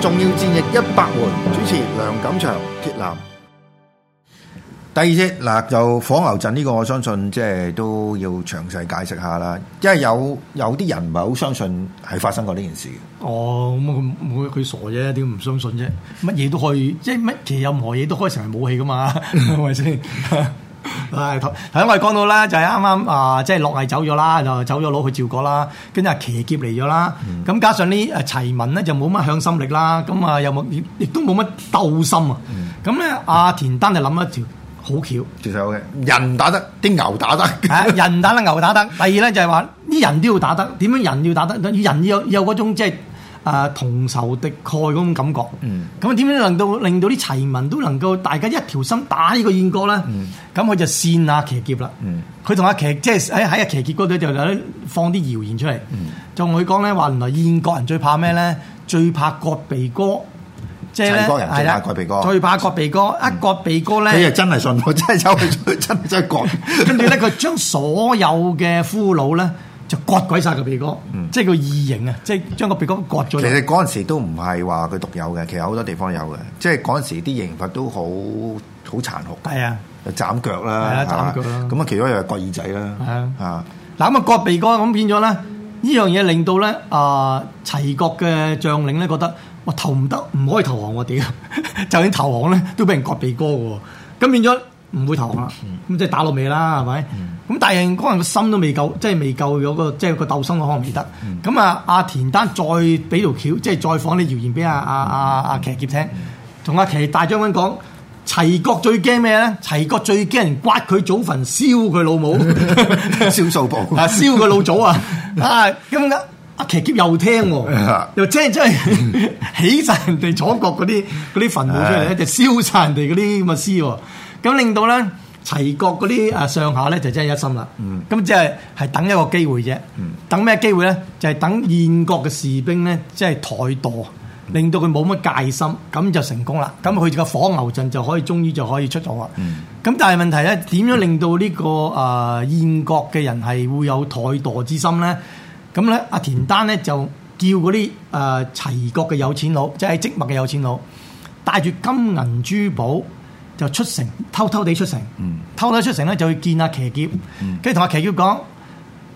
重要戰役一百回，主持梁錦祥、鐵男。第二節嗱，就火牛陣呢個，我相信即係都要詳細解釋下啦。因為有有啲人唔係好相信係發生過呢件事。哦，咁啊，佢佢傻啫，點唔相信啫？乜嘢都可以，即係乜其實任何嘢都可以成為武器噶嘛，係咪先？係頭頭先我哋講到啦，就係啱啱啊，即係樂毅走咗啦，就走咗攞去趙國啦，跟住啊騎劫嚟咗啦，咁、嗯嗯、加上呢齊民咧就冇乜向心力啦，咁啊又冇亦都冇乜鬥心啊，咁咧阿田單就諗一條好橋，其實 OK，人打得，啲牛打得， 人打得牛打得。第二咧就係話啲人都要打得，點樣人要打得，人要，要有有嗰種即係。誒同仇敵愾嗰種感覺，咁啊點樣令到令到啲齊民都能夠大家一條心打呢個燕國咧？咁佢、嗯、就善納騎劫啦。佢同阿騎即係喺喺阿騎劫嗰度就咧放啲謠言出嚟，就同佢講咧話原來燕國人最怕咩咧？最怕割鼻哥，即係人最怕割鼻哥，最怕割鼻哥一割鼻哥咧。你係真係信，我、就是、真係走去真真係割。跟住咧佢將所有嘅俘虜咧。就割鬼晒個鼻哥，嗯、即係個異形啊！即係將個鼻哥割咗。其實嗰陣時都唔係話佢獨有嘅，其實好多地方有嘅。即係嗰陣時啲刑罰都好好殘酷。係啊，就斬腳啦，係啊，啊斬腳啦。咁啊，其中又係割耳仔啦，係啊，啊，嗱咁啊，割鼻哥咁變咗咧，呢樣嘢令到咧啊、呃、齊國嘅將領咧覺得，哇，投唔得，唔可以投降喎！屌， 就算投降咧，都俾人割鼻哥嘅喎。咁變咗。唔會投降啦，咁即係打落尾啦，係咪？咁大仁嗰人個心都未夠，即係未夠有個即係個鬥心嘅可能而得。咁啊，阿田單再俾條橋，即係再放啲謠言俾阿阿阿阿騎劫聽，同阿騎大將軍講，齊國最驚咩咧？齊國最驚人刮佢祖墳，燒佢老母，燒數部，燒佢老祖啊！啊，咁阿騎劫又聽，又聽，真係起晒人哋楚國嗰啲嗰啲墳墓出嚟咧，就燒晒人哋嗰啲咁嘅屍。咁令到咧齊國嗰啲啊上下咧就真係一心啦。咁即係係等一個機會啫。嗯、等咩機會咧？就係、係、等燕國嘅士兵咧，即係怠惰，令到佢冇乜戒心，咁就成功啦。咁佢個火牛陣就可以終於就可以出咗啦。咁、嗯、但係問題咧，點樣令到呢、呢個啊燕、呃、國嘅人係會有怠惰之心咧？咁咧，阿田單咧就叫嗰啲啊齊國嘅有錢佬，即係即墨嘅有錢佬，帶住金銀珠寶，就出城，偷偷地出城，偷偷地出城咧就去見阿騎劫，嗯、跟住同阿騎劫講，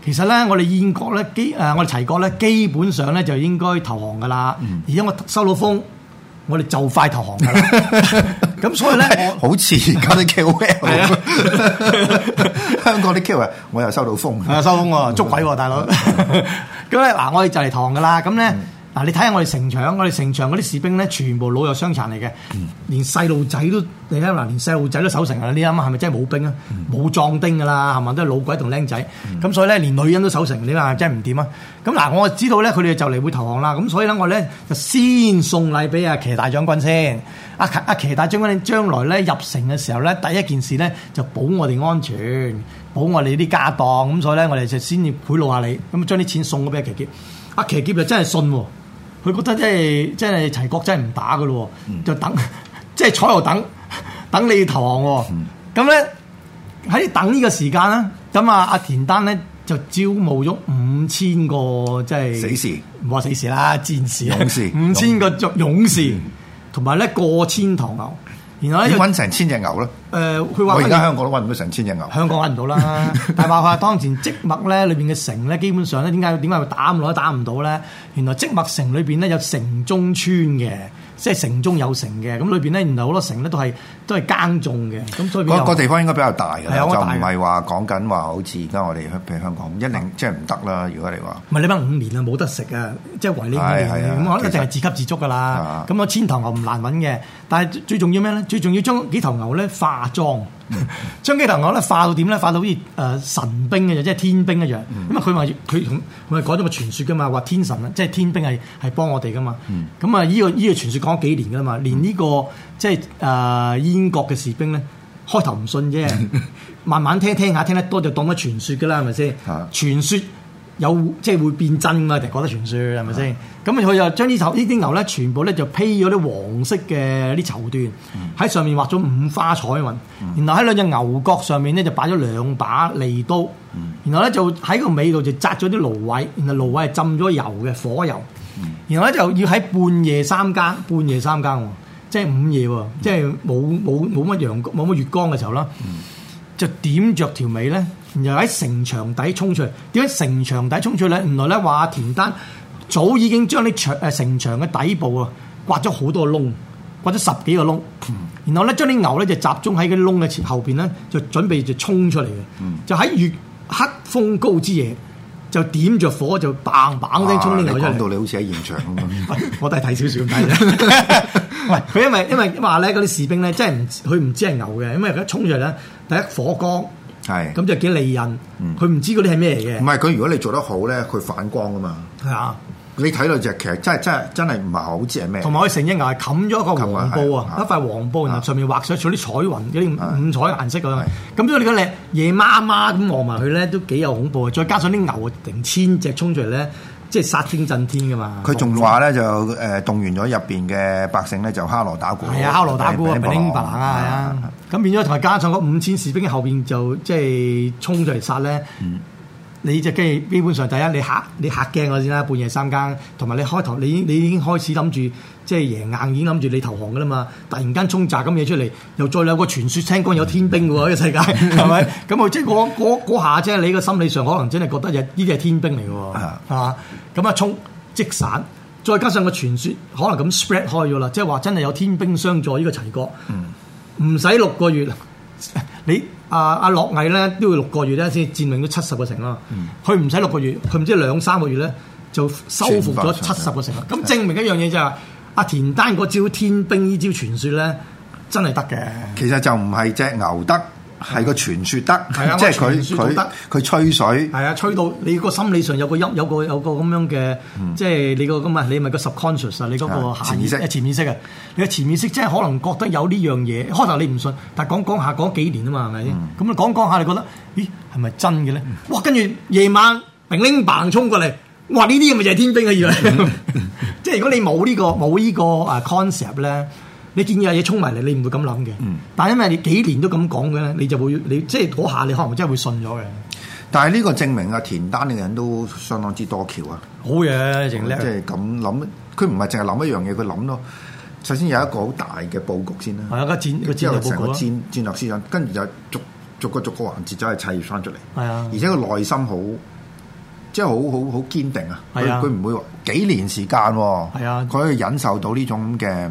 其實咧我哋燕國咧基，誒我哋齊國咧基本上咧就應該投降噶啦，嗯、而家我收到風，我哋就快投降噶啦，咁 所以咧， 好似而家啲 Q，香港啲 Q 啊，我又收到風，啊收風喎、啊，捉鬼喎、啊，大佬，咁咧嗱我哋就嚟降噶啦，咁咧。嗯嗱、啊，你睇下我哋城牆，我哋城牆嗰啲士兵咧，全部老弱傷殘嚟嘅、嗯，連細路仔都你睇下嗱，連細路仔都守城啊！你諗係咪真係冇兵啊？冇、嗯、壯丁噶啦，係咪？都係老鬼同僆仔，咁、嗯、所以咧，連女人都守城。你話真係唔掂啊？咁嗱，我知道咧，佢哋就嚟會投降啦，咁所以咧，我咧就先送禮俾阿騎大將軍先。阿、啊、阿、啊、騎大將軍，將來咧入城嘅時候咧，第一件事咧就保我哋安全，保我哋啲家當。咁所以咧，我哋就先要賄賂下你，咁將啲錢送咗俾阿騎劫。阿、啊、騎劫就真係信喎、啊。啊佢覺得即係真係齊國真係唔打嘅咯，嗯、就等即係坐喺度等等你投降喎。咁咧喺等呢個時間啦，咁啊阿田丹田單咧就招募咗五千個即係、就是、死士，唔話死士啦，戰士，勇士，五千個勇士，同埋咧過千頭牛。然後要搵成千隻牛咧？誒，佢話而家香港都搵唔到成千隻牛。香港搵唔到啦，但係話話當前即墨咧，裏邊嘅城咧，基本上咧，點解點解會打唔落打唔到咧？原來即墨城裏邊咧有城中村嘅，即係城中有城嘅。咁裏邊咧，原來好多城咧都係都係耕種嘅。咁所以個地方應該比較大啦，就唔係話講緊話好似而家我哋香港一零，即係唔得啦。如果你話唔係，你等五年啊，冇得食啊，即係圍你五年，咁我一定係自給自足噶啦。咁我千頭牛唔難搵嘅。但係最重要咩咧？最重要將幾頭牛咧化妝，將幾頭牛咧化到點咧？化到好似誒神兵嘅，即係天兵一樣。咁啊、嗯，佢話佢同我係講咗個傳説嘅嘛，話天神啊，即係天兵係係幫我哋嘅嘛。咁、呃、啊，依個依個傳説講咗幾年嘅啦嘛，連呢個即係誒燕國嘅士兵咧，開頭唔信啫，慢慢聽聽下，聽得多就當咗傳説嘅啦，係咪先？嗯、傳説。有即係會變真㗎，就覺得傳說係咪先？咁佢就將呢頭呢啲牛咧，全部咧就披咗啲黃色嘅啲綢緞，喺、嗯、上面畫咗五花彩雲，嗯、然後喺兩隻牛角上面咧就擺咗兩把利刀，嗯、然後咧就喺個尾度就紮咗啲蘆葦。然後蘆葦係浸咗油嘅火油，嗯、然後咧就要喺半夜三更，半夜三更喎，即係午夜喎，即係冇冇冇乜陽冇乜月光嘅時候啦。就點着條尾咧，然後喺城牆底衝出嚟。點解城牆底衝出嚟咧？原來咧，話田單早已經將啲牆誒城牆嘅底部啊，刮咗好多窿，刮咗十幾個窿。然後咧，將啲牛咧就集中喺嗰啲窿嘅前後邊咧，就準備就衝出嚟嘅。就喺月黑風高之夜，就點着火就 bang bang 聲衝出嚟。講到你好似喺現場咁。 我都係睇少少。 喂，佢 因為因為話咧，啲士兵咧真係唔，佢唔知係牛嘅，因為佢一衝出嚟咧，第一火光，係咁的就幾利刃，佢唔、嗯、知嗰啲係咩嘢。唔係佢如果你做得好咧，佢反光㗎嘛。係啊的，你睇到隻劇真係真係真係唔係好知係咩。同埋佢成隻牛冚咗個黃布啊，一塊黃布然後上面畫上上啲彩雲，的有啲五彩顏色咁。咁如果你你夜媽媽咁望埋佢咧，都幾有恐怖。再加上啲牛啊，成千隻衝出嚟咧。即係殺聲震天噶嘛，佢仲話咧就誒、呃、動員咗入邊嘅百姓咧就敲鑼打鼓，係啊敲鑼打鼓啊明明白白啊，係啊，咁、啊、變咗同埋加上嗰五千士兵後邊就即係衝咗嚟殺咧。就是你隻機基本上第一你嚇你嚇驚我先啦，半夜三更，同埋你開頭你已你已經開始諗住即係贏硬，已經諗住你投降嘅啦嘛。突然間衝閘咁嘢出嚟，又再有個傳説聽講有天兵嘅喎，呢個世界係咪？咁佢即係嗰嗰嗰下你個心理上可能真係覺得呢啲係天兵嚟嘅喎，係嘛？咁啊，衝即散，再加上個傳説可能咁 spread 開咗啦，即係話真係有天兵相助呢個齊國，唔使六個月你。阿阿、啊啊、樂毅咧都要六個月咧先佔領咗七十個城咯，佢唔使六個月，佢唔知兩三個月咧就收復咗七十個城啦。咁證明一樣嘢就係阿田單嗰招天兵傳説呢招傳説咧真係得嘅。其實就唔係隻牛得。係個傳説得，係啊，即係佢得，得，佢吹水。係啊，吹到你個心理上有個陰，有個有個咁樣嘅，即係、嗯、你、嗰個咁啊，你咪個 subconscious 啊，你嗰個潛意識、潛意識啊，你個潛意識即係可能覺得有呢樣嘢。開頭你唔信，但講講下講幾年啊嘛，係咪？咁你、嗯、講一講下，你覺得咦係咪真嘅咧、嗯？哇！跟住夜晚明拎棒衝過嚟，哇，呢啲嘢咪就係天兵嘅嘢，即係如果你冇呢、呢個冇呢個啊 concept 咧。你見有嘢衝埋嚟，你唔會咁諗嘅。嗯，但係因為你幾年都咁講嘅咧，你就會你即係嗰下，你可能真係會信咗嘅。但係呢個證明阿田單嘅人都相當之多橋啊，好嘢，勁叻！即係咁諗，佢唔係淨係諗一樣嘢，佢諗咯。首先有一個好大嘅佈局先啦，係啊，啊戰個戰之後成個戰戰略思想，跟住就逐逐個，逐個逐個環節走去砌翻出嚟，係啊。而且個內心好，即係好好好堅定啊！佢佢唔會話幾年時間喎，啊，佢、啊、可以忍受到呢種嘅。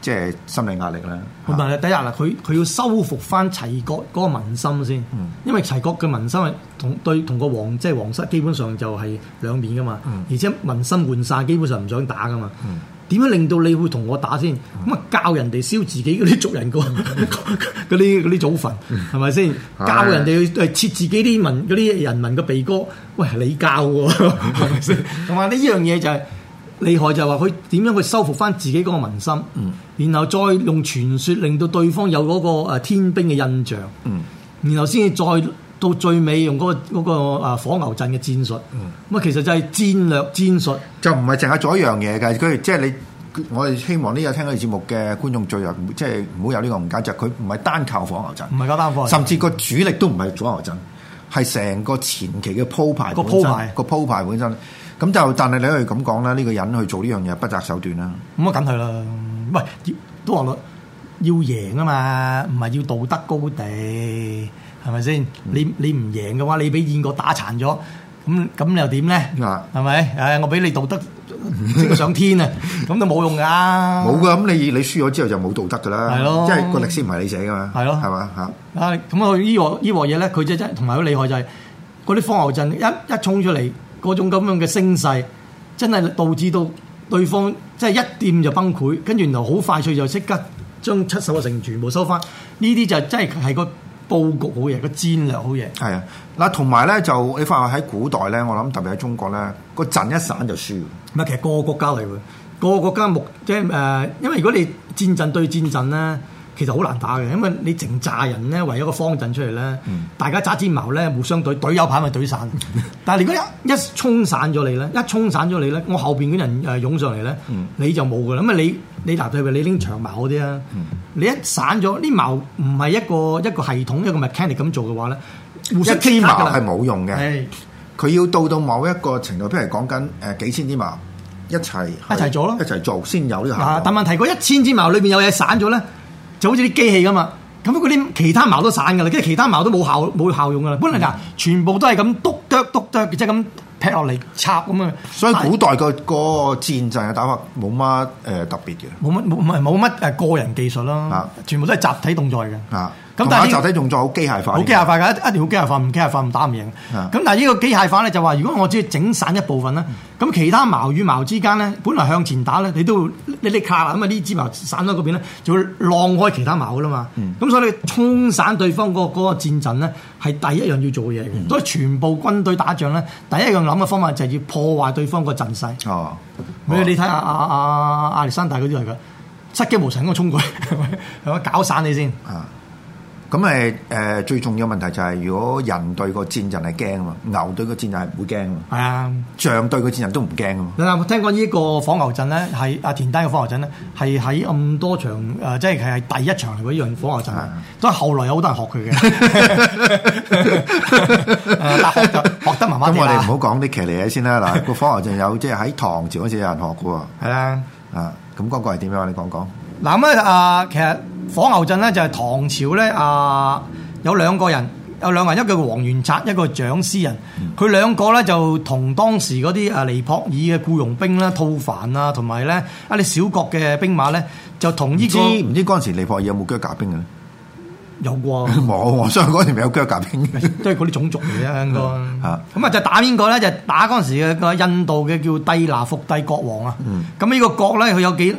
即係心理壓力啦。咁但係第一啦，佢佢要收復翻齊國嗰個民心先。嗯、因為齊國嘅民心啊，同對同個王即係王室基本上就係兩面㗎嘛。嗯、而且民心換晒，基本上唔想打㗎嘛。嗯，點樣令到你會同我打先？咁啊、嗯、教人哋燒自己嗰啲族人個嗰啲啲祖墳，係咪先？嗯、吧教人哋去切自己啲民啲人民嘅鼻哥？喂，你教㗎？係咪先？同埋呢樣嘢就係、是。厲害就係話佢點樣去修復翻自己嗰個民心，嗯、然後再用傳說令到對方有嗰個誒天兵嘅印象，嗯、然後先至再到最尾用嗰、嗰個、嗰個誒火牛陣嘅戰術。咁啊、嗯，其實就係戰略戰術，就唔係淨係做一樣嘢嘅。佢即係你，我哋希望呢、呢個聽我哋節目嘅觀眾最又即係唔好有呢個誤解，就係佢唔係單靠火牛陣，唔係靠單火，甚至個主力都唔係火牛陣，係成、嗯、個前期嘅鋪排個鋪排個鋪排本身。咁就，但係你可以咁講啦，呢個人去做呢樣嘢不擇手段啦。咁啊，梗係啦，喂，都話咯，要贏啊嘛，唔係要道德高地，係咪先？你你唔贏嘅話，你俾燕國打殘咗，咁咁又點咧？係咪？誒，我俾你道德升上天啊？咁都冇用噶。冇噶，咁你你輸咗之後就冇道德噶啦。係咯，即係個歷史唔係你寫噶嘛。係咯，係嘛吓。啊，咁啊，呢鑊呢鑊嘢咧，佢真真同埋好厲害就係，嗰啲火牛陣一一衝出嚟。嗰種咁樣嘅聲勢，真係導致到對方真係一掂就崩潰，跟住然後好快脆就即刻將七十嘅城全部收翻。呢啲就真係係個佈局好嘢，個戰略好嘢。係啊，嗱同埋咧就你發現喺古代咧，我諗特別喺中國咧，個陣一散就輸。唔係，其實各個國家嚟喎，各個國家目即係誒、呃，因為如果你戰陣對戰陣咧。其實好難打嘅，因為你成紮人咧，為一個方陣出嚟咧，大家揸支矛咧，互相懟，懟有排咪懟散。但係如果一沖一沖散咗你咧，一沖散咗你咧，我後邊嗰人誒湧上嚟咧，你就冇㗎啦。咁啊，你你嗱，譬如你拎長矛嗰啲啊，你一散咗，呢矛唔係一個一個系統一個 mechanic 咁做嘅話咧，互相一千矛係冇用嘅。佢是要到到某一個程度，譬如講緊誒幾千支矛一齊一齊做咯一做，一齊做先有呢個效果。但問題，嗰一千支矛裏邊有嘢散咗咧。就好似啲機器咁嘛，咁嗰啲其他矛都散嘅啦，跟住其他矛都冇效冇效用嘅啦。本嚟嗱、就是，全部都係咁篤剁篤剁，即係咁劈落嚟插咁啊。所以古代個個戰陣嘅打法冇乜誒特別嘅。冇乜，唔係冇乜誒個人技術啦。全部都係集體動作嘅。啊。咁但係呢，集體動作好機械化，好機械化㗎，一定要機械化，唔機械化唔打唔贏。咁但係呢個機械化咧，就話如果我只要整散一部分咧，咁、嗯、其他矛與矛之間咧，嗯、本來向前打咧，你都會你力卡咁啊！呢支矛散咗嗰邊咧，就會浪開其他矛噶啦嘛。咁、嗯、所以你衝散對方嗰個嗰個戰陣咧，係第一樣要做嘅嘢。嗯、所以全部軍隊打仗咧，第一樣諗嘅方法就係要破壞對方個陣勢。哦你、啊，你睇下，阿阿阿歷山大嗰啲係佢，失驚無神咁樣衝過去，係咪？係咪搞散你先？ 咁誒，誒，最重要問題就係如果人對個戰陣係驚啊嘛，牛對個戰陣係唔會驚啊係啊，象對個戰陣都唔驚啊嘛。嗱的，我聽講呢個火牛陣咧，係阿田丹嘅火牛陣咧，係喺咁多場誒，即係係第一場嚟，嗰樣火牛陣，都以的後來有好多人學佢嘅， 學得慢慢。咁我哋唔好講啲騎呢嘢先啦。嗱，個火牛陣有即係喺唐朝嗰時有人學嘅喎，係啊，啊，咁個個係點樣啊？你講講。嗱咁啊，其實。火牛陣咧就係唐朝咧啊，有兩個人，有兩個人，有一個王玄策，一個蔣師仁。佢兩、嗯、個咧就同當時嗰啲啊尼泊爾嘅僱傭兵啦、吐蕃啊同埋咧一啲小國嘅兵馬咧就同呢支，唔知嗰陣時尼泊爾有冇啹喀兵嘅，咧有喎過冇 我相信嗰陣時冇啹喀兵嘅 都係嗰啲種族嚟嘅。應該、嗯、吓，咁啊就打邊個咧，就打嗰陣時嘅印度嘅叫帝那伏帝國王啊，咁呢個國咧，佢有幾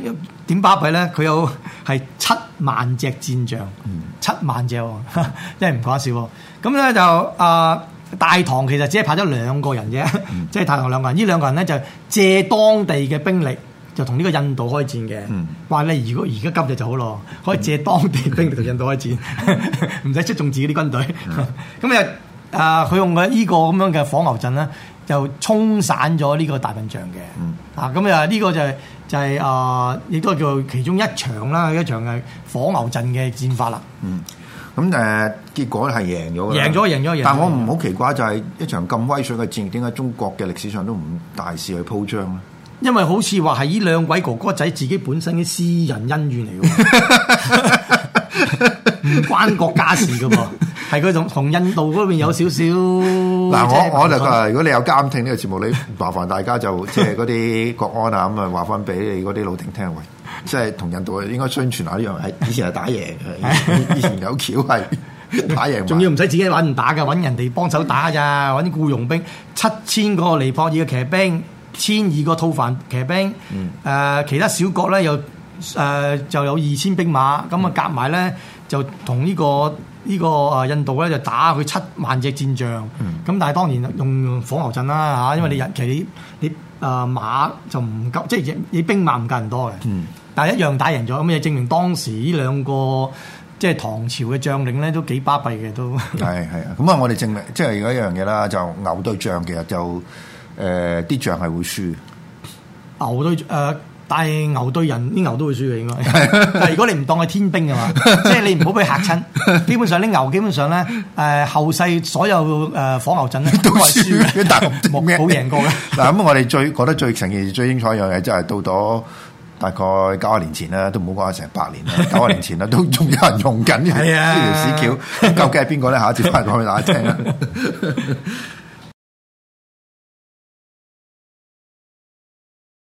點巴閉咧，佢有係七,七萬隻戰象，嗯、七萬隻，呵呵真係唔講笑。咁咧就啊、呃，大唐其實只係派咗兩個人啫，即係、嗯、大唐兩個人。呢兩個人咧就借當地嘅兵力，就同呢個印度開戰嘅。話你如果而家今日就好咯，可以借當地兵力同印度開戰，唔使、嗯、 出動自己啲軍隊。咁又啊，佢、嗯 呃呃、用嘅呢個咁樣嘅火牛陣咧。就沖散咗呢個大笨象嘅，嗯、啊咁啊呢個就是、就係、是、啊，亦、呃、都叫做其中一場啦，一場係火牛陣嘅戰法啦、嗯。嗯，咁、呃、誒結果係贏咗嘅，贏咗贏咗贏。但我唔好奇怪，就係、是、一場咁威水嘅戰，點解中國嘅歷史上都唔大肆去鋪張咧？因為好似話係呢兩位哥哥仔自己本身嘅私人恩怨嚟嘅，唔 關國家事嘅噃，係嗰種同印度嗰邊有少少。 嗱，我我就誒，如果你有監聽呢個節目， 你麻煩大家就即係嗰啲國安啊咁啊，話翻俾你嗰啲老丁聽喂，即係同印度應該宣傳一下呢樣係以前係打贏，以前有橋係打贏。仲 要唔使自己揾唔打㗎，揾人哋幫手打咋，揾僱傭兵七千個尼泊爾嘅騎兵，千二個吐蕃騎兵，誒、呃、其他小國咧又。誒、呃、就有二千兵馬，咁啊夾埋咧就同呢、這個呢、這個啊印度咧就打佢七萬隻戰象，咁、嗯、但係當然用火牛陣啦嚇，因為你其實、嗯，你你啊、呃、馬就唔夠，即係你兵馬唔夠人多嘅，嗯、但係一樣打贏咗，咁你證明當時呢兩個即係唐朝嘅將領咧都幾巴閉嘅都係係啊，咁啊我哋證明即係有一樣嘢啦，就牛對象其實就誒啲仗係會輸，牛對誒。呃但係牛對人，啲牛都會輸嘅，應該。但係如果你唔當佢天兵嘅話，即係 你唔好俾佢嚇親。基本上啲牛基本上咧，誒、呃、後世所有誒、呃、火牛陣咧都係輸，都冇 贏過嘅。嗱咁， 我哋最覺得最神奇、最精彩一樣嘢，就係到咗大概九十年前啦，都唔好講成百年啦，九十年前啦，都仲有人用緊呢條屎橋。究竟係邊個咧？下一節翻嚟再打聽。